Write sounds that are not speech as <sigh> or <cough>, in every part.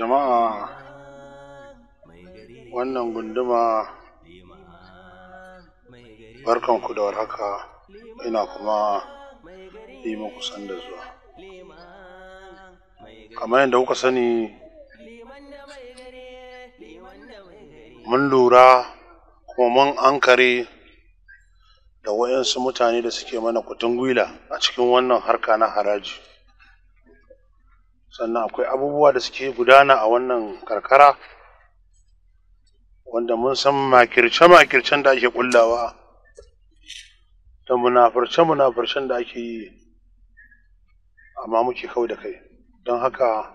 Jama'a wannan gunduma barkanku da warhaka ina kuma yi muku da zuwa. Kamar yadda kuka sani mun lura kuma mun ankare da wayansu mutane da suke mana kutun gwila a cikin wannan harka na haraji. sannan akwai abubuwa da suke gudana a wannan karkara wanda mun san makirce-makircen da ake kullawa da munafurce-munafurcen da ake yi amma muke kawai da kai don haka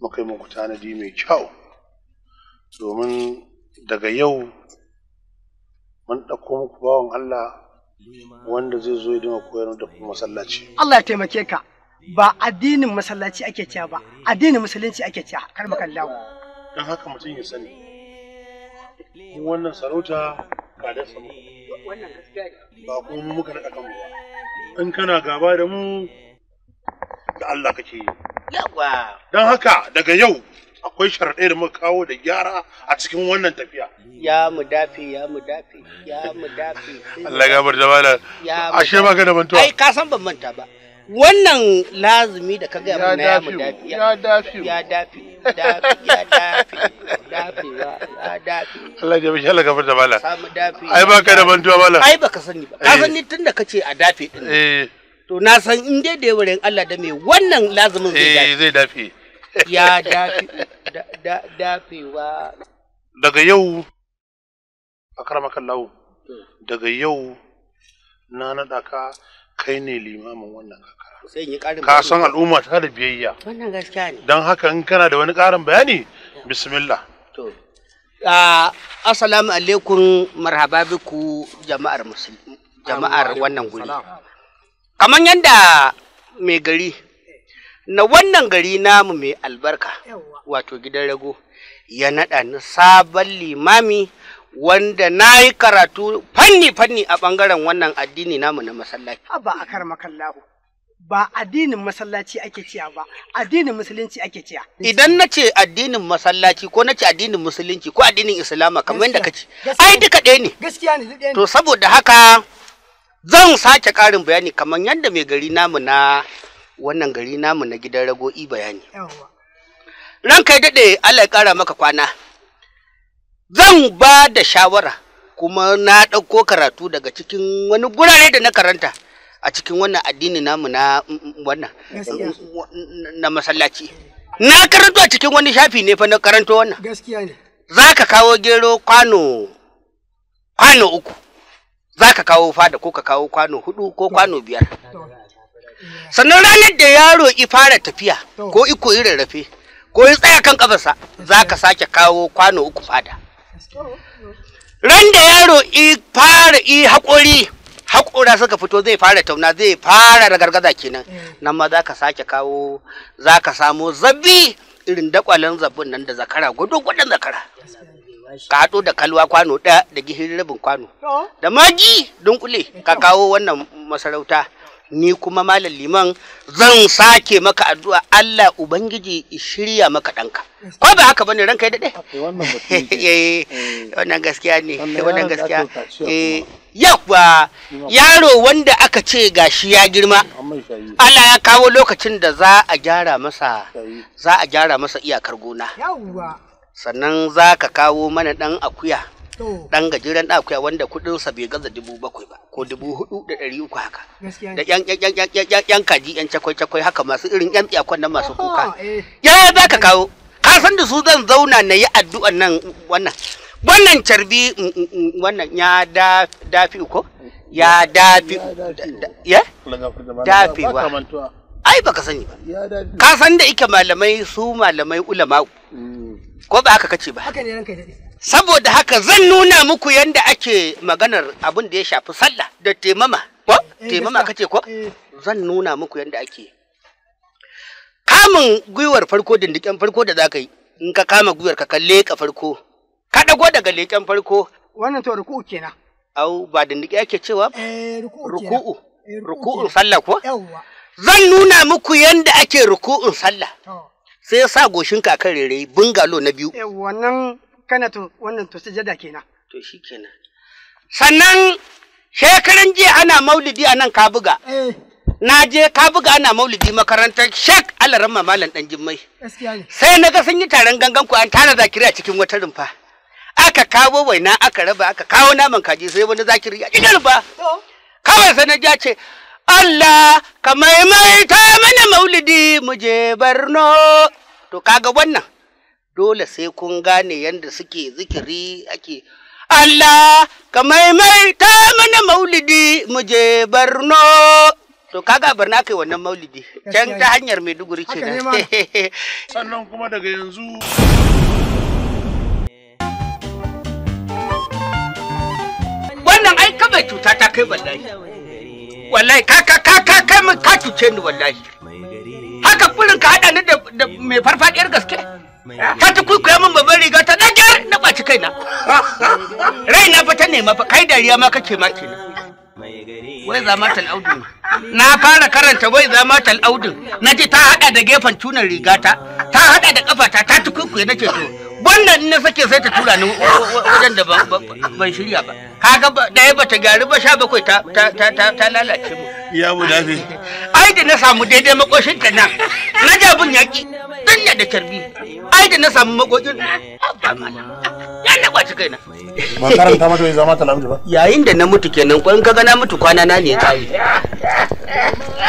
muka yi muku tanadi mai kyau domin daga yau mun ɗauko muku bawan Allah wanda zai zo ya dinga koyar da kuma masallaci. Allah ya taimake ka. ba addinin masallaci ake cewa ba addinin musulunci ake cewa kar mu kallawo dan haka mutum ya sani wannan sarauta ba da samu wannan gaskiya ba kuma muka naka kanmu ba in kana gaba da mu da Allah kake yi yawa dan haka daga yau akwai sharaɗai da muka kawo da gyara a cikin wannan tafiya. Ya mu dafe, ya mu dafe, ya mu dafe. Allah gabar da malam. Ashe ba ka da mantuwa. Ai ka san ban manta ba. wannan lazumi da ka gaya mun na yamu dafi ya dafi ya dafi dafi ya dafi dafi ya dafi Allah ya bishi Allah gafar da samu dafi ai ba ka da mantuwa mala ai baka sani ba ka sani eh. tunda kace a dafi din eh to na san in dai da yawarin Allah da me wannan lazumin zai dafi eh zai dafi ya dafi wa. daga yau a karamakan lawo hmm. daga yau na nada ka kai ne limamin wannan kakara ka san al'umma ta da biyayya wannan gaskiya ne don haka in kana da wani ƙarin bayani bismillah to assalamu alaikum marhaba biku jama'ar musulmi jama'ar wannan guri kamar yadda mai gari na wannan gari namu mai albarka wato gidan rago ya naɗa ni sabon limami wanda na yi karatu fanni-fanni a ɓangaren wannan addini namu na masallaci. Abba a kar makallahu. Ba addinin masallaci ake ciya ba, addinin musulunci ake ciya. Idan na ce addinin masallaci ko na ce addinin musulunci ko addinin islama kamar yadda ka ce, ai duka ɗaya ne. Gaskiya ne ɗaya ne. To saboda haka zan sake ƙarin bayani kamar yadda mai gari namu na wannan gari namu na gidan rago'i bayani. Ranka ya daɗe Allah ya ƙara maka kwana. zan ba da shawara kuma na ɗauko karatu daga cikin wani gurare da na karanta a cikin wannan addini namu na mm, mm, wannan mm, na masallaci na karanto a cikin wani shafi ne fa na karanto wannan gaskiya ne za ka kawo gero kwano kwano uku za ka kawo fada ko ka kawo kwano hudu ko kwano biyar sannan ranar da yaro i fara tafiya ko iko irin rafe ko ya tsaya kan kafarsa za ka sake kawo kwano uku fada ran da yaro i fara i haƙuri haƙura suka fito zai fara tauna zai fara ragargaza gargaza kenan nan ma za ka sake kawo za ka samo zabi irin dakwalen zabin nan da zakara gudu gudun zakara ka da kalwa kwano ɗaya da gihirin rabin kwano da magi dunkule ka kawo wannan masarauta ni kuma malam liman zan sake maka addu'a Allah ubangiji shirya maka ɗanka ko ba haka bane ranka ya daɗe <laughs> eh, eh, eh. wannan gaskiya ne wannan gaskiya yawa yaro wanda aka ce gashi ya girma Allah ya kawo lokacin da za a gyara masa za a gyara masa iyakar gona sannan za ka kawo mana ɗan akuya dan gajeren da akwai wanda kudin sa bai gaza dubu bakwai ba ko dubu hudu da ɗari uku haka da yan yan yan yan yan kaji yan cakwai cakwai haka masu irin yan tsiyakon nan masu kuka oh, eh. ya za ka kawo ka san da su zan zauna na yi addu'an nan wannan wannan carbi mm, mm, mm, wannan ya da dafi ko ya dafi ya dafi wa ai baka sani ba ka san da ike malamai su malamai ulama ko ba aka kace ba haka ne ranka dade saboda haka zan nuna muku yadda ake maganar abin da ya shafi sallah da taimama ko eh, taimama kace ko eh. zan nuna muku yadda ake kamun gwiwar farko dindiken farko da za ka yi in ka kama gwiwar ka kalle ka farko ka dago daga leken farko wannan to ruku'u kenan au ba dindike yake cewa eh, ruku'u ruku'un sallah ko zan nuna muku yadda ake ruku'un sallah sai ya sa goshin kakan rere bungalo na biyu wannan kana to wannan to sujada kenan to shikenan sannan shekaran jiya ana maulidi a nan ka buga eh. na je ka ana maulidi makarantar shek ramma malam dan jimmai sai na ga sun yi taron gangan ku an tara zakiri a cikin wata rumfa aka kawo waina aka raba aka kawo naman kaji sai wani zakiri a cikin rumfa kawai sai na ja ce Allah ka maimaita mana maulidi mu je Barno to kaga wannan dole sai kun gane yadda suke zikiri ake Allah ka maimaita mana maulidi mu je Barno to kaga Barna kai wannan maulidi can ta hanyar Maiduguri nan <laughs> sannan kuma daga yanzu wannan ai ka bai cuta ta kai wallahi wallahi ka ka ka ka ka ka cuce ni wallahi haka furin ka hada ni da mai farfadiyar gaske ta ta kwaikwaya min babban riga ta dagar na ɓaci kaina <laughs> raina fa ta nema fa kai dariya ma kake ma kenan wai za ma tal'audin na fara karanta wai za ma tal'audin na ji ta haɗa da gefen tunan riga ta haɗa da ƙafata ta ta kwaikwaya nake to wannan in na sake sai ta tura ni wajen da ban shirya ba kaga da ya bata gyaru ba sha bakwai ta lalace mu ya mu dafi ai da na samu daidai makoshin ta na. na jabin yaki. danya da karbi ai da na samu magogin. ya na kwaci kaina ba karanta mata bai zama talabijin ba yayin da na mutu kenan ko in ka gana mutu kwana na ne ya tsaye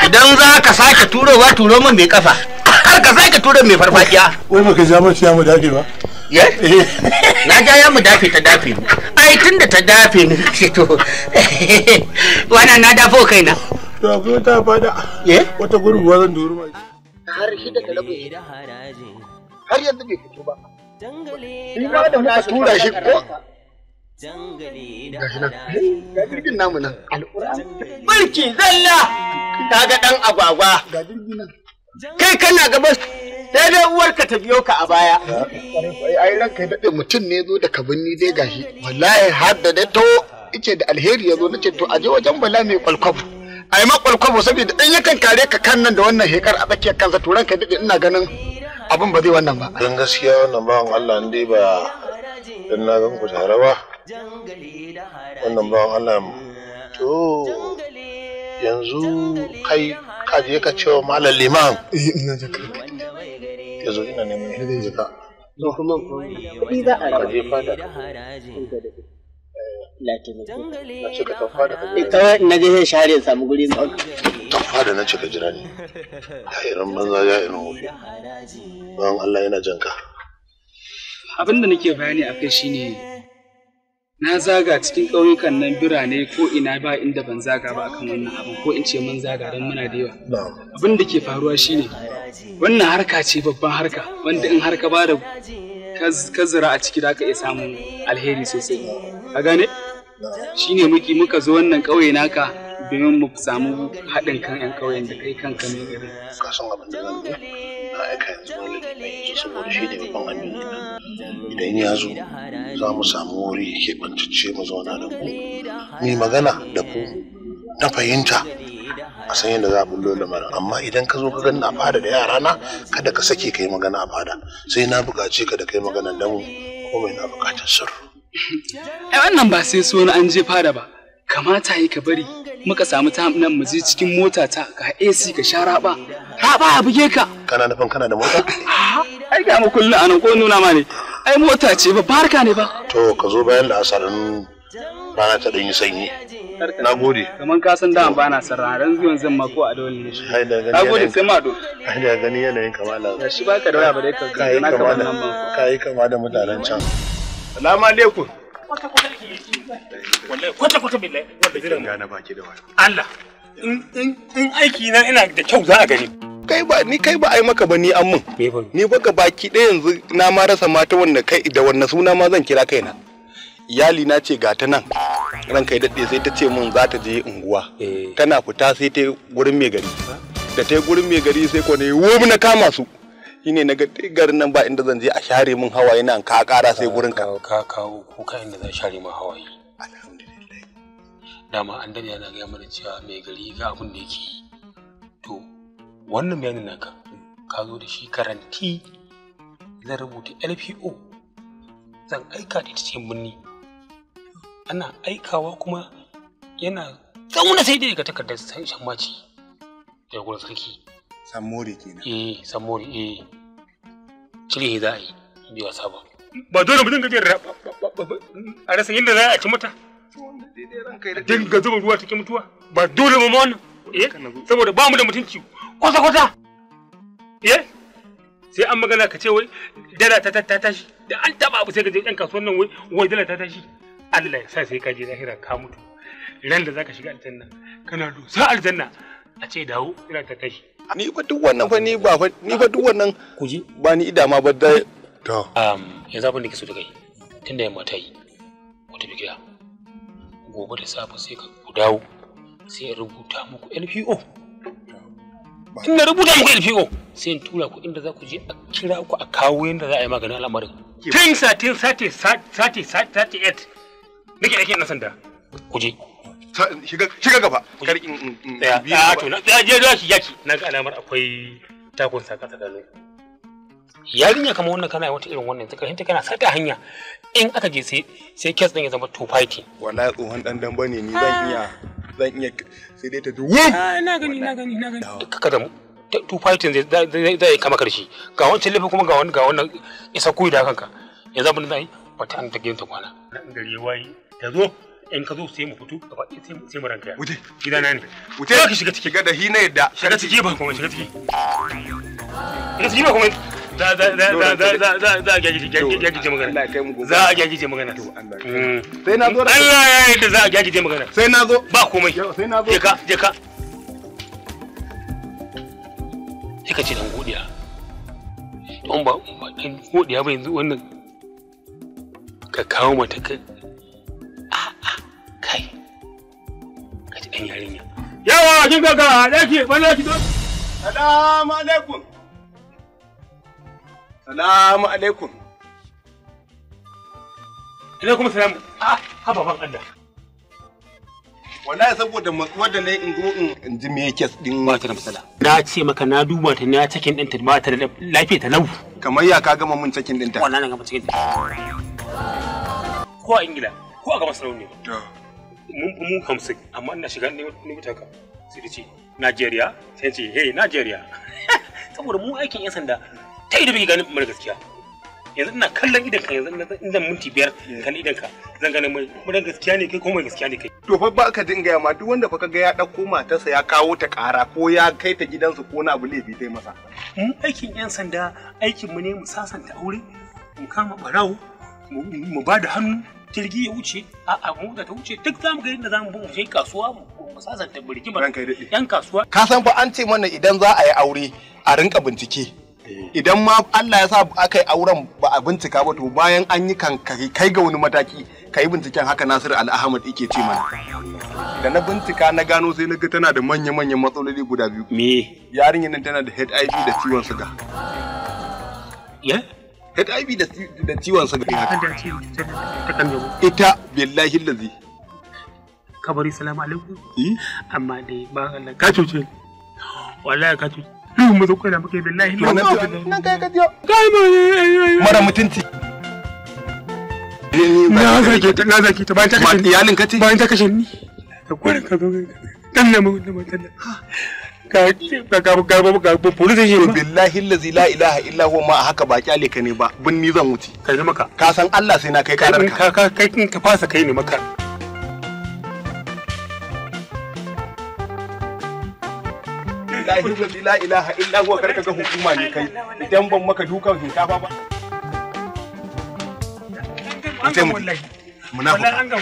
idan za ka sake turowa turo min mai kafa kar ka sake turo mai farfadiya wai baka ja mace ya mu dafe ba eh. na ja ya mu dafe ta dafe ai tunda ta dafe ni ce to <laughs> wannan na dafo kaina to akwai wata fada wata gurbuwa zan duru ma har shida da har yanzu bai fito ba da muka tura shi ko ga jirgin namu nan mulki zalla ga dan agwagwa kai kana gabas daidai uwarka ta biyo ka a baya ai ranka daɗe mutum ne zo da kabinni dai gashi wallahi har da dai to ice da alheri ya zo nace to aje wajen bala mai kwalkwabo a yi makwalkwabo saboda in yakan kare ka kan nan da wannan hekar a tsakiyar kansa to ranka daɗe ina ganin abin ba zai wannan ba. Don gaskiya wannan bawan Allah ne ba don na gan ku tare ba wannan bawan Allah to yanzu kai ka je ka cewa malam liman. Eh, jaka. Yanzu ina neman ya ka. Kuɗi za a yi. Allah ya taimake kawai na je sai share samu guri mai taffa da na cika jira ne tayiran banza ya ina wofi bayan Allah yana jan ka abin da nake bayani akai shine na zaga cikin ƙauyukan nan birane ko ina ba inda ban zaga ba akan wannan abin ko in ce mun zaga don muna da yawa abin da ke faruwa shine wannan harka ce babban harka wanda in harka ba da ka zira a ciki za ka iya samun alheri sosai ka gane shi ne muke muka zo wannan ƙauye naka domin mu samu haɗin kan 'yan ƙauyen da kai kanka ne irin. Ka san abin da zan yi? Na aika yanzu wani yanzu saboda shi ne babban amini na. Idan ya zo za mu samu wuri ya keɓantacce mu zauna da ku. Mu magana da ku na fahimta a san yadda za a bullo lamarin amma idan ka zo ka gani a fada da yara na kada ka sake kai magana a fada sai na buƙace ka da kai magana da mu komai na buƙatar sirri. ai wannan ba sai so na an je fada ba kamata yi ka bari muka samu ta nan mu je cikin mota ta ga AC ka sha raba raba a buge ka kana nufin kana da mota ai ga mu kullu anan ko nuna ma ne ai mota ce ba barka ne ba to ka zo bayan da asarin rana ta dan yi sanyi na gode kaman ka san da ba na san rana dan zuwan zan ko a dole ne shi na gode sai ma do ai da gani yanayin kamala shi baka da waya ba dai ka ga na kamala kai kama da mutanen can Salamu alaikum. Kwata kwata billahi. Wanda jiran gane baki da wani. Allah. In aiki na ina da kyau za a gani. Kai ba ni kai ba ai maka ba ni an mun. Ni ba baki ɗaya yanzu na ma rasa mata wanda kai da wannan suna ma zan kira kaina. Iyali na ce ga ta nan. Ranka ya daɗe sai ta ce min za ta je unguwa. Eh. Tana fita sai ta gurin mai gari. Da ta gurin mai gari sai ko ne wo na kama su. shine na ga garin nan ba inda zan je a share min hawaye nan ka kara sai gurin ka ka kawo ka inda zan share min hawaye alhamdulillah dama an dani yana ga mana cewa mai gari ga abin da yake to wannan bayanin naka ka zo da shi karanti zan rubuta LPO zan aika da ita cikin birni ana aikawa kuma yana zaune sai dai ga takardar shan maci da gurin sarki Samori nan. Eh, Samori eh. Cire za a yi bi wasa ba. Ba dole mutum kake a rasa yadda za a ci mata. Dinga zuba ruwa cikin mutuwa. Ba dole mu wannan. Eh, saboda ba mu da mutunci. Kwata kwata. Eh, sai an magana ka ce wai dala ta ta tashi da an taba abu sai ka je ɗan kasuwan nan wai wai dala ta tashi. Allah ya sa sai ka je lahira ka mutu. Ran da zaka shiga aljanna kana dosa aljanna a ce dawo ina ta kai ni fa duk wannan fa ni ba fa ni fa duk wannan kuji ba ni ida ma ba da to um yanzu abin da ke so da kai tunda yamma ta yi ko tafi gida gobe da safe sai ka ku dawo sai in rubuta muku LPO in na rubuta muku LPO sai in tura ku inda za ku je a kira ku a kawo yadda za a yi maganin al'amarin tun satin sati sati sati sati 8 nake ake na sanda ku je shiga gaba kar in a ah, to na je da shi yaki na ga alamar akwai takon saka tsakanin yarinya kamar wannan kana wata irin wannan ta karshen kana sata hanya in aka je sai sai kes din ya zama to fighting wallahi tsohon dan dan bane ni zan ah. iya zan iya sai dai ta ji wum ah, na gani na gani na gani kaka da mu to fighting zai zai kama karshe ga wancan laifin kuma ga wannan ga wannan isa koyi da kanka yanzu abin da zai fata an ta ta kwana na gari wayi ta zo in ka zo sai mu fito gaba sai sai mu ranka wuce gida na ne wuce ka shiga ciki gada hi na yadda shiga ciki ba kuma shiga ciki shiga ciki ba kuma za za za za za za za za gyaji magana za a gyaji magana mm. sai na zo Allah ya yarda za a gyaji magana sai na zo ba komai sai na zo je ka je ka sai ka ce dan godiya don ba dan godiya ba yanzu wannan ka kawo mata kai kai ka ji ɗan yarinya yawa kin ga ga daki bana ki don salamu alaikum salamu alaikum alaikum salam ah haba ban Allah wallahi saboda matsuwar da nayi in zo in ji me yake din ba da matsala na ce maka na duba ta na cikin din ta ba ta da lafiya ta lau kamar ya ka gama mun cikin din ta wallahi na gama cikin ko a ingila ko a gama sarauni to mu hamsin amma ina shiga ne mutaka sai da ce Najeriya sai ce hey Najeriya <laughs> saboda mu aikin yan sanda ta yi da bai gani mara gaskiya yanzu ina kallon idan ka yanzu ina minti biyar kan idan ka zan gane mai mara gaskiya ne kai ko mai gaskiya ne kai to fa ba ka dinga yamma duk wanda fa ga ya dauko matarsa ya kawo ta kara ko ya kai ta gidansu ko na abu laifi tai masa mu aikin yan sanda aikin mu ne mu sasanta aure mu kama barau mu ba da hannu jirgi ya wuce a da ta wuce duk zamu ga yadda zamu bi mu je kasuwa mu mu sasanta birgimar yan kasuwa ka san fa an ce mana idan za a yi aure a rinka bincike eh. idan ma Allah ya sa aka yi auren ba a bincika ba to bayan an yi kankari kai ga wani mataki ka binciken haka Nasiru Al-Ahmad yake ce mana da na bincika na gano sai na ga tana da manya-manyan matsaloli guda biyu me yarinyar nan tana da HIV da ciwon suga HIV da ciwon sa gari ita billahi lazi bari salamu alaikum eh? amma dai ba Allah ka cuce wallahi ka cuce Yau mu zo kai da muke billahi nan kai ka jiyo kai mara mutunci eh, na zaki ta na ta bayan ta kashe ni bayan ta kashe ni ka zo dan na mu ga police station billahi allazi la ilaha illa huwa ma haka ba kyale ka ne ba bin ni zan wuce kai ne maka ka san Allah sai na kai karar ka ka kai kin ka fasa kai ne maka la ilaha illa huwa karka ga hukuma ne kai idan ban maka dukan shinkafa ba mutum munafuka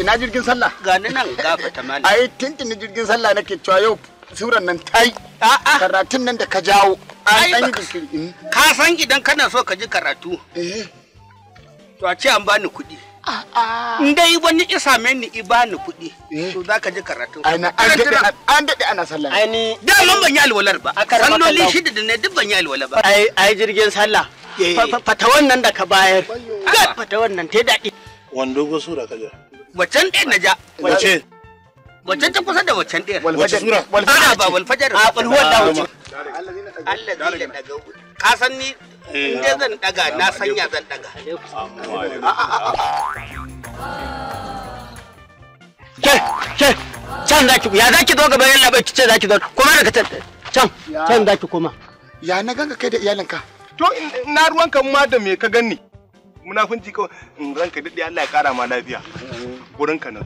ina jirgin sallah gani nan gafa ta mali ai tintini jirgin sallah nake cewa yau suran nan tai karatun nan da ka jawo an eh. ka san idan kana so ka ji karatu eh. to a ce an bani kuɗi in dai wani isa mai ni i bani kuɗi eh. to za ka ji karatu an daɗe ana sallah ai ni da mun ban yi alwalar ba sannoli shida da ne duk ban yi alwala ba ai ai jirgin sallah fata wannan da ka bayar fata wannan ta daɗi wando go sura kaja Wacan ɗin na ja. Wace? Wacan ta kusa da wacan ɗin. Wace sura? Walfajar. ba wal fajar. A ɓulhuwar da wuce. Allah zai da daga Ka san ni in dai zan daga na sanya zan daga. Ke, ke, can zaki ya zaki zo gaba yalla bai kice zaki zo, kuma daga can, can, can zaki kuma Ya na ganka kai da iyalinka. To, na ruwanka ma da me ka ganni. munafunci kawai in ranka daɗe Allah ya ƙara ma lafiya gurin ka na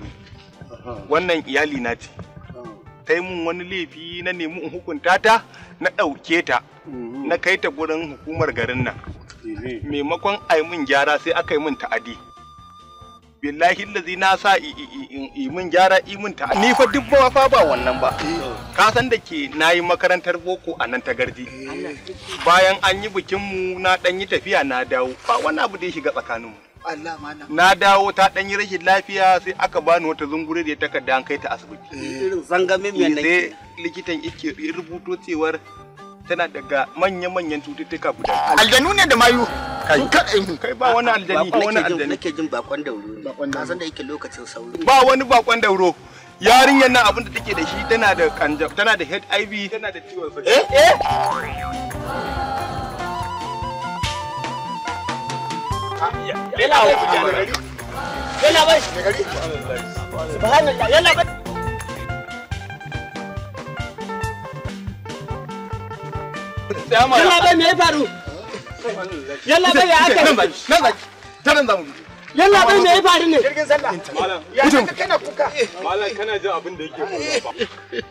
wannan iyali na ce ta mun wani laifi na nemi in hukunta ta na ɗauke ta na kai ta gurin hukumar garin nan maimakon a mun gyara sai aka yi mun ta'adi billahi lazi na sa imin gyara imin ta ni fa duk ba fa ba wannan ba ka san da ke nayi makarantar boko a nan ta gardi bayan an yi bikin mu na dan yi tafiya na dawo ba wani abu da ya shiga tsakanin mu na dawo ta dan yi rashin lafiya sai aka bani wata zungure da ta takarda an kai ta asibiti eh, irin likitan yake rubuto cewar tana daga manya-manyan cututtuka guda aljanu ne da mayu kai kai kai ba wani aljani ba wani aljani nake jin bakon dauro ne san da yake lokacin sauri ba wani bakon dauro yarinyar nan abin da take da shi tana da kanja tana da HIV tana da ciwon eh eh ah, Yana bai Yana bai Subhanallah Yana bai Yana bai me ya faru yalla bai ya aka nan bai nan bai zamu yalla bai me ya faru ne jirgin sallah malam ya kana kuka malam kana jin abin da yake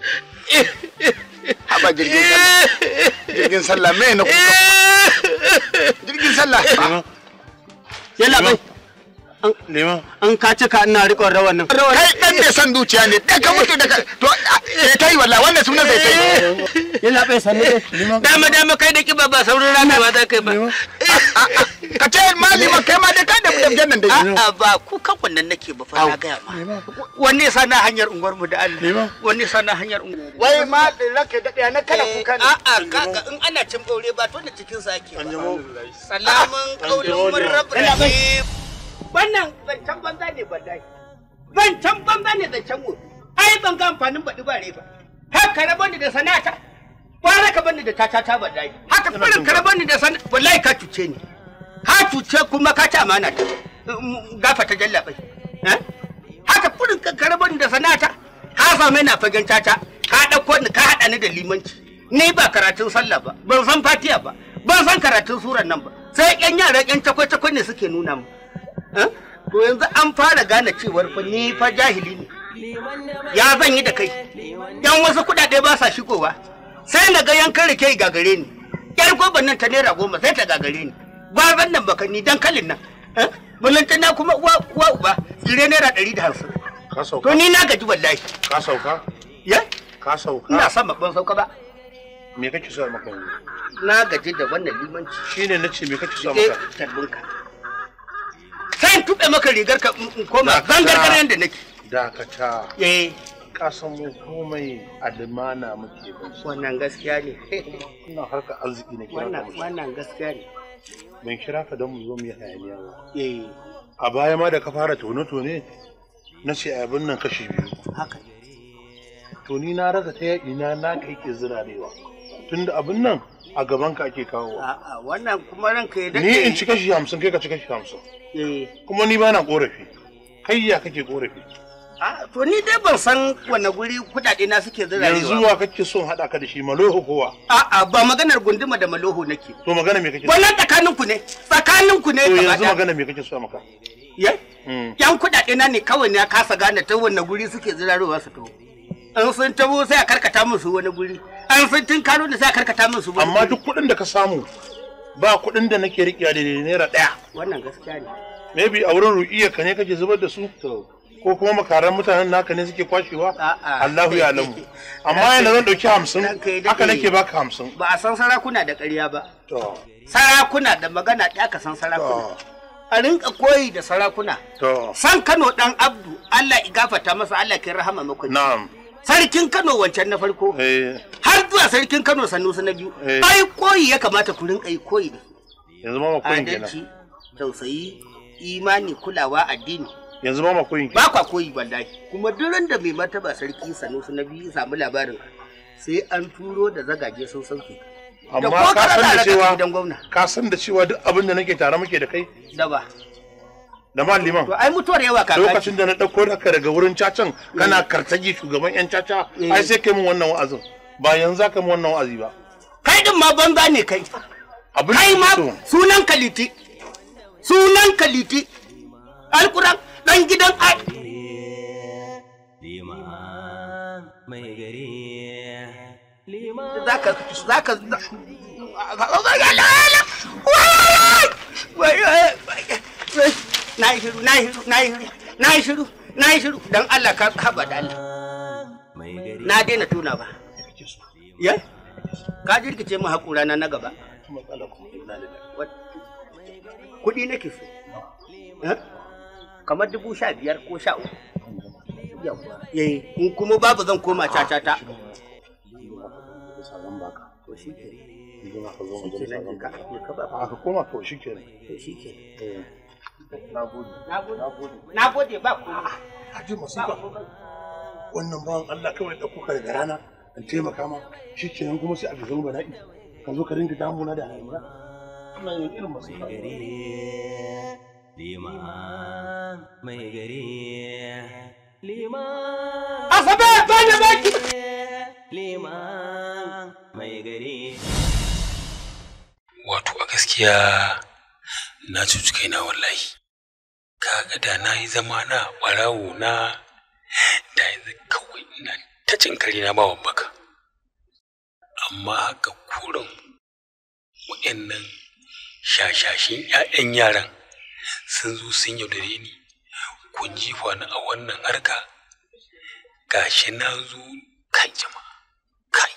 haba jirgin sallah jirgin sallah me na kuka <laughs> jirgin sallah yalla bai an ka cika ina rikon rawan nan kai dan ne san zuciya ne dan ka eh. mutu daga to eh tai wallahi wannan sunan sai tai eh. yana bai dama dama kai da kiba ba saurin rana ba za kai ba ka ce malima kai ma dai ka da dabjan nan dai a ba ku kan wannan nake ba fa na ga ma wanne sana hanyar unguwar mu da Allah wanne sana hanyar unguwar wai ma ranka da na kana eh, kuka ne a'a in ana cin baure ba to ne cikin sa ake salamun kaulin mun wannan zancen banza ne wallahi zancen banza ne zancen mu ai ban ga amfanin baɗi ba ba haka rabon da sanata bara ka bani da tatata wallahi haka furin ka rabon da san wallahi ka cuce ni ka cuce kuma ka ci amana ta mm, gafa ta jalla bai eh? haka furin ka rabon da sanata ka same na fagen tata ka ɗauko ni ka hada ni da limanci ni ba karatun sallah ba ban san fatiya ba ban san karatun suran nan ba sai yan yara yan takwai-takwai ne suke nuna mu Eh? to yanzu an fara gane cewar fa ni fa jahili ne ya zan yi da kai yan wasu kuɗaɗe ba sa shigowa sai na ga yankan rike gagare ni yar goban nan ta naira goma sai ta gagare ni ban nan baka ni dan kalin nan eh? tana kuma uwa uwa uba tsire naira ɗari da hamsin to ni na gaji wallahi ka sauka ya ka sauka ina son ban sauka ba me kake so maka na gaji da wannan limanci shine nace me kake so eh, maka tabbunka sai in tuɓe maka rigar ka koma koma gare yadda nake dakata eh kasan mu komai a limana muke ba wannan gaskiya ne ina harka arziki ne wannan wannan gaskiya ne ban kira ka don mu zo mu yi hayaniya ba eh a baya ma da ka fara tone tone na ce abin nan kashi biyu haka to ni na rasa ta yaƙi na na kai ke zirarewa tunda abin nan a gaban ka ake kawo a'a wannan kuma ranka ya dake ni in cika shi hamsin kai ka cika shi hamsin eh. kuma ni bana korafi kai ya kake korafi to ni dai ban san wanne guri kudade na suke zirarewa yanzu wa kake son hada ka da shi maloho kowa a'a ba maganar gunduma da maloho nake to magana me kake wannan tsakanin ku ne tsakanin ku ne to yanzu magana me kake so maka hmm. yan kudaden na ne kawai ne na kasa gane ta wanne guri suke zirarewa su to an sun tabo sai a karkata musu wani guri an sun tun kano da sai a karkata musu wani amma duk kuɗin da ka samu ba kuɗin da nake riƙewa da naira ɗaya wannan gaskiya ne maybe a wurin ru'iya ka ne kake zubar da su ko kuma makaran mutanen naka ne suke kwashewa Allahu <laughs> ya alamu amma yana zan dauki hamsin haka nake baka hamsin ba a san sarakuna da ƙarya ba sarakuna da magana ɗaya ka san sarakuna a rinka koyi da sarakuna san Kano dan Abdu Allah ya gafarta masa Allah ya rahama makwai na'am sarkin Kano wancan na farko eh. har zuwa sarkin Kano Sanusi na biyu eh. ai koyi ya kamata ku rinka yi koyi ne. yanzu ma koyi kenan tausayi imani kulawa addini yanzu ma koyi kenan ba kwa koyi wallahi kuma duran da mai martaba sarki Sanusi na biyu samu labarin sai an turo da zagaje sun sauke amma ka san da cewa ka san da cewa duk abin da nake tare muke da kai da ba da malliman to ai mutuwar yawa kaka lokacin da na dauko raka daga wurin cacan kana kartaji shugaban yan caca ai sai kai mun wannan wa'azin ba yanzu zaka mun wannan wa'azi ba kai din ma banza ne kai abin kai ma sunan kaliti sunan kaliti alquran dan gidan ai liman mai gari liman zaka zaka na yi shiru na yi shiru na yi shiru na yi shiru na yi shiru don Allah ka haɓa da Allah na daina tuna ba ya ka jirkice mu haƙura na na gaba kuɗi nake so eh? kamar dubu sha biyar ko sha uku in kuma babu zan koma cacata ka koma to shi kenan Na gode. ba ku. A ji masifa. Wannan bawan Allah kawai da kuka daga rana an taimaka ma shi kenan kuma sai a ga zama bala'i. Ka zo ka dinga damuna da hayaniya. Ina yin irin masifa. Liman mai gari. Liman. Asabe ba da baki. Liman mai gari. Wato a gaskiya na cuci kaina wallahi. kaga da na yi zama na ɓarawo na da yanzu kawai ina ta cin kari na ba baka amma haka kurin waɗannan shashashin 'ya'yan yaran sun zo sun yaudare ni kun jifa ni a wannan harka gashi na zo kai jama'a kai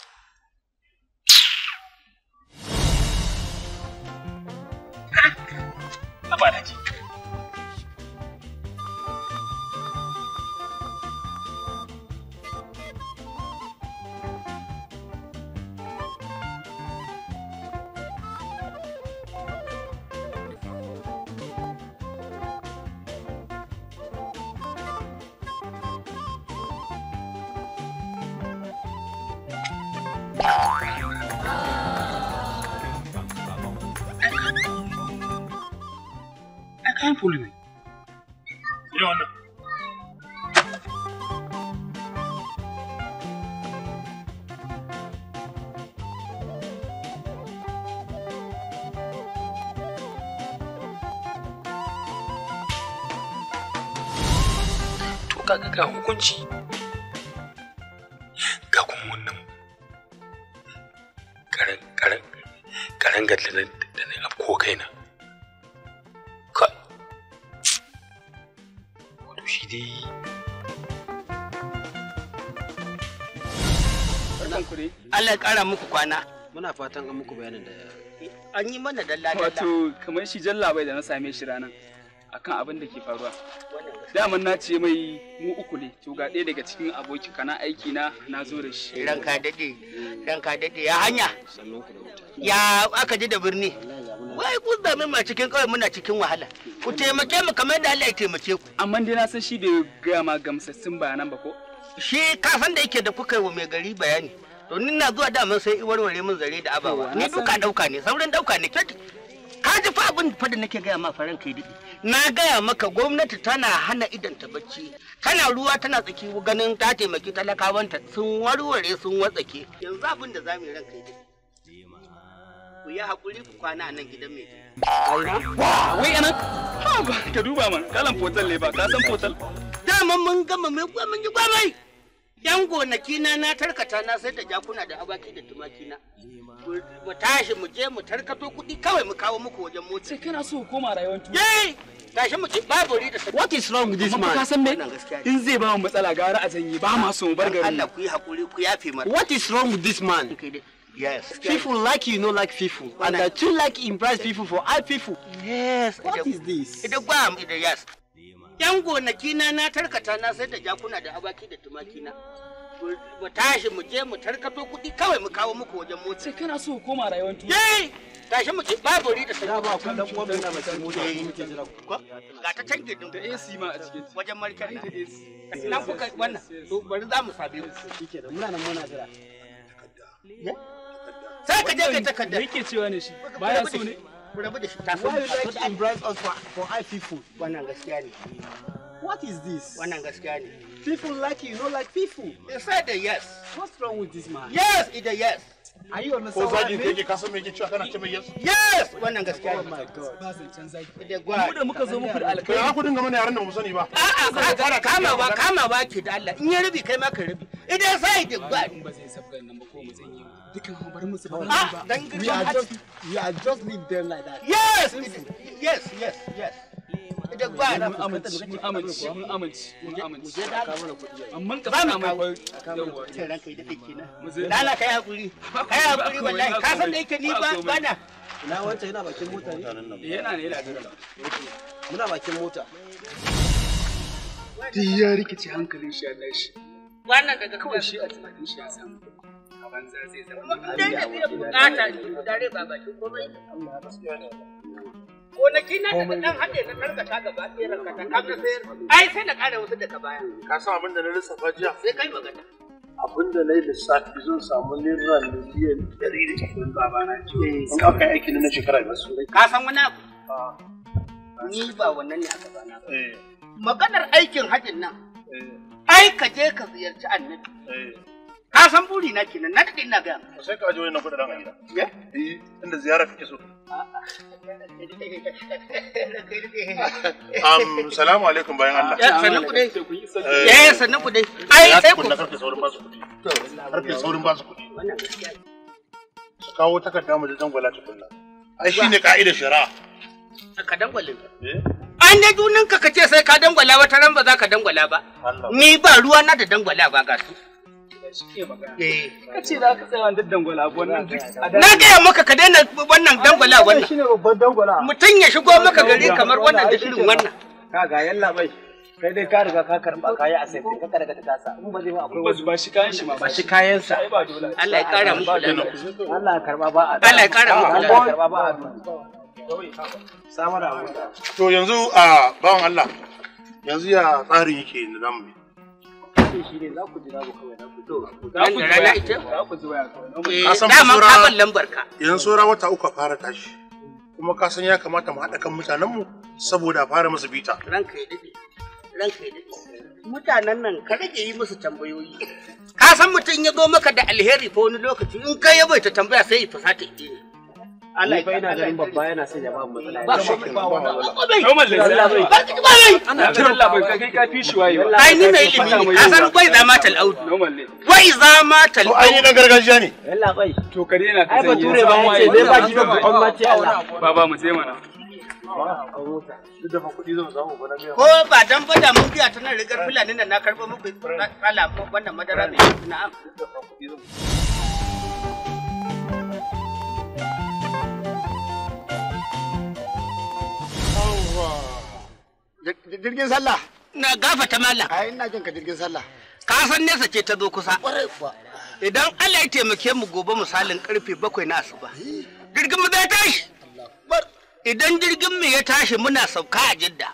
Abdul ne. ga hukunci ga kuma wannan da na afko kaina Allah ya kara muku kwana muna fatan an muku bayanin da an yi mana dalla dalla wato kamar shi bai da na same shi ranan akan abin da ke faruwa daman na ce mai mu uku ne to ga ɗaya daga cikin aboki kana aiki na na zo da shi ranka dade ranka dade ya hanya ya aka ji da birni wai ku zame ma cikin kawai muna cikin wahala ku taimake mu kamar da Allah ya taimake ku amma dai na san shi da ma gamsassun bayanan ba ko shi kasan da yake da kuka yi wa mai gari bayani to ni na zuwa daman sai warware min zare da abawa ni duka dauka ne saurin dauka ne ka ji fa abin fa da nake gaya ma faran kai didi na gaya maka gwamnati tana hana idan ta bacci tana ruwa tana tsaki ganin ta taimaki talakawanta sun warware sun watsake yanzu abin da zamu yi ran kai ku yi hakuri ku kwana a nan gidan mai wai anan ka duba man kalan fotal ne ba ka san fotal daman mun gama mai mun yi gwamai na tarkata na sai jakuna da da mu tashi mu je mu tarkato kawai mu kawo muku wajen sai kana so koma rayuwar tashi mu ci da what is wrong with this man ka san me in zai ba mu matsala a ba ma so mu bar garin Allah ku yi hakuri ku yafe what is wrong with this man Yes. People like you, no like people. And I too like impress people for other people. Yes. What is this? It's a guam, it's a yes. yan gonaki na na tarkata na sai da jakuna da abaki da tumaki na mu tashi mu je mu tarkato kuɗi kawai mu kawo muku wajen mota sai kana so koma rayuwar tu. eh tashi mu je babu ri da sai ba ku dan uwan na mace mu da muke jira ku. ga ta tanke din da AC ma a cikin wajen markar da AC nan kuka wannan to bari za mu sabe mu shike da muna nan muna jira sai ka je kai takarda yake cewa ne shi baya so ne why you like to embrace us for, for high people wannan what is this wannan people like you not like people they said that yes what's wrong with this man yes it is yes are you understand what I mean? Ko me yes? Yes! Oh my god. Ba zan can zaki. Da gwa. Mu da muka zo muku da alƙawari. Kai ku dinga mana yaran da mu sani ba. A'a dukan mu bari ba ah, dan we are just leave them like that yes yes yes yes ba da amince mun amince mun amince mun amince amma ka fara mai kai kai na lala kai hakuri <laughs> kai hakuri wallahi ka san da yake ni ba bana ina wancan yana bakin mota ne yana ne yana da muna bakin mota duk ya rikice hankalin shi ya tashi wannan daga kawai shi a tunanin shi ya samu Dai da biyan bukata da riba ba ki komai. Gonaki na daga nan haɗe na karkata gaba ɗaya ranka kam na sayar. Ai sai na kare wasu daga baya. Ka san abin da na lissafa jiya? Sai kai magana. Abin da na yi lissafi zan samu naira miliyan ɗari da cikin babana ce. Eh, In ka kai aiki na shekara biyar su Ka san wani abu? Ah. Ni ba wannan ne a gabana ba. Eh. Maganar aikin hajjin nan. Eh. Ai ka je ka ziyarci annabi. Ka san buri na kenan, na daɗe ina gaya maka. Sai ka aje wannan kuɗaɗen a gida. Ya? Eh, inda ziyara kake so. Um, <laughs> salamu alaikum bayan Allah. Sannan ku dai. Eh, sannan ku dai. Ai, sai ku. Na karfe saurin basu kuɗi. Karfe saurin basu kuɗi. Wannan gaskiya. Su kawo takarda mu da dangwala tukunna. Ai shine ka'idar shari'a. Ka dangwale. Eh? an da junanka ka ce sai ka dangwala wata ran ba za ka dangwala ba ni ba ruwa na da dangwala ba ga su Eh. Ka ce za ka tsaya dangwala wannan duk. Na gaya maka ka daina wannan dangwala wannan. Shine babban dangwala. Mutum ya shigo maka gari kamar wannan da shirin wannan. Ka ga yalla bai. Kai dai ka riga ka karba kayi a sai ka karga ta tasa. In ba zai ba akwai wasu ba shi kayan shi ma ba shi kayan sa. Allah ya kara mu lafiya. Allah ya karba ba a. Allah ya kara mu karba ba a. To yanzu a ah, bawan Allah yanzu ya tsarin yake na zamu ce shi ne za ku jira yanzu eh, sura wata uku fara tashi kuma ka san ya kamata mu haɗa kan mutanenmu saboda a fara masa bita mutanen nan ka rage yi musu tambayoyi ka san mutum ya zo maka da alheri ko wani lokaci in kai ya bai ta tambaya sai ya fusata ne Allah ya ina ganin babba yana son ya ba mu matsala. Ba shi ba wannan. Ana kiran Allah bai kai ka fi shi waye. Ai ni mai ilimi ne. Asan bai da matal audu. Wai za matal Ai ni gargajiya ne. Allah bai. To kare ka Ai bature ba mu ce dai ba ki ba ce Allah. Ba ba mu sai mana. Ko ba dan fada mun biya ta nan rigar fulani nan na karɓo muku kala wannan madara mai na'am. jirgin sallah na gafata malam ai ina jin jirgin sallah ka san nesa ce ta zo kusa idan Allah ya taimake mu gobe misalin karfe bakwai na asuba jirgin mu zai tashi idan jirgin mu ya tashi muna sauka a jidda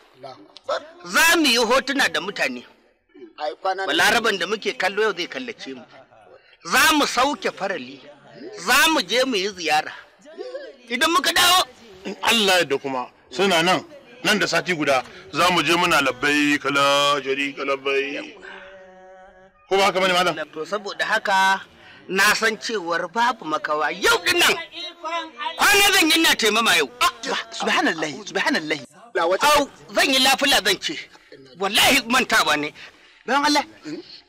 za mu yi hotuna da mutane balaraban da muke kallo yau zai kallace mu za mu sauke farali za mu je mu yi ziyara idan muka dawo Allah da kuma suna nan nan da sati guda za mu je muna labbai kala jari labbai ko ba haka bane malam to saboda haka na san cewar babu makawa yau din nan kwana zan yi na taimama yau ah, subhanallahi subhanallahi au zan yi lafula zan ce wallahi mantawa ne don Allah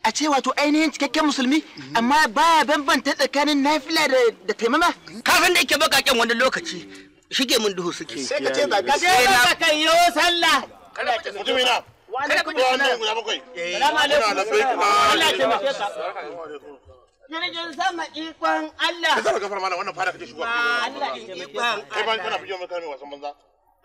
a ce wato ainihin cikakken musulmi amma baya bambanta tsakanin nafila da taimama kafin da yake bakaken wani lokaci shige min duhu suke sai ka ce ba ka sai na ka yi sallah kada ku ji mina kada ku ji na salamu alaikum Allah ya taimake ka jirgin sama ikon Allah ka gafar mana wannan fara kake shigo ah, Allah ikon kai ban kana fiye maka ne wasan banza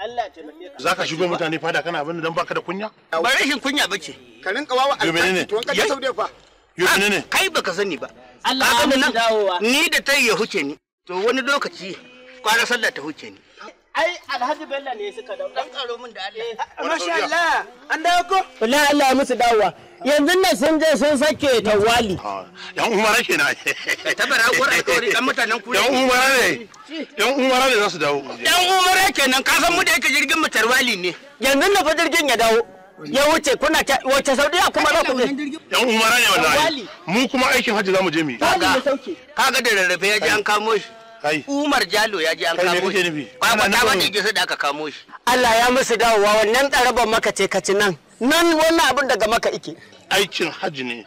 Allah ya taimake ka zaka shigo mutane fada kana abin dan baka da kunya ba rashin kunya bace ka rinka wawa alƙali to ka saude fa yo ah, ne kai baka sani ba Allah ya dawowa ni da tai ya huce ni to wani lokaci Kwana sallah ta huce ni. Ai Alhaji Bello ne suka dawo. Dan karo min da Allah. Eh, Masha Allah, an dawo ko? Wallahi Allah ya musu dawowa. Yanzu nan sun je sun sake tawali. Ah, yan umara kenan. Tabar hakuwar alkawari kan mutanen kure. Yan umara ne. Yan umara ne zasu su dawo. Yan umara kenan ka san mu da yake jirgin mu tarwali ne. Yanzu nan fa jirgin ya dawo. ya wuce kuna ta wace saudiya kuma za ku je yan umara ne wallahi mu kuma aikin hajji za mu je mi. ka kaga da rarrafe ya ji an kamo shi Umar Jalo ya je an kamo shi. Ba ba ta bada gisa da aka kamo shi. Allah ya musu dawowa wannan tsaraban maka ce kaci nan. Nan wannan abin daga maka ike. Aikin hajji ne.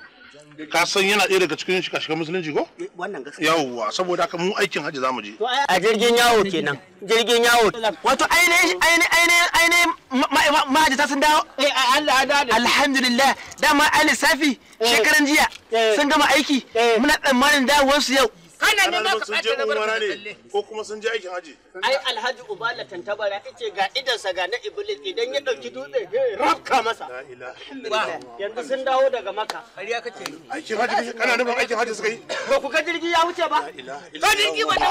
Ka san yana ɗaya daga cikin shiga musulunci ko? Eh, wannan gaskiya. Yawwa saboda haka mu aikin hajji zamu je. A jirgin yawo kenan. Jirgin yawo. Wato ainihin ainihin ainihin ta sun dawo. Eh, Alhamdulillah dama a lissafi eh. shekaran jiya sun gama aiki muna tsammanin dawowarsu yau. kana ne ma ka ɓata na barka ko kuma sun je aikin haji ai alhaji ubala tantabara ice ga idan ga na iblis idan ya dauki dutse rafka masa yanzu sun dawo daga maka ƙarya kace aikin haji kana nufin aikin haji suka yi ba ku ga jirgi ya wuce ba ba jirgi waya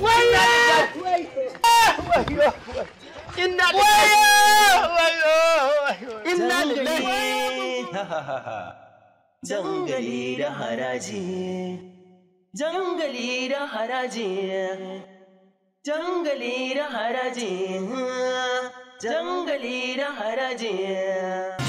waya inna lillahi ah! inna lillahi jangali da haraji jangali da haraji jangali da haraji jangali da haraji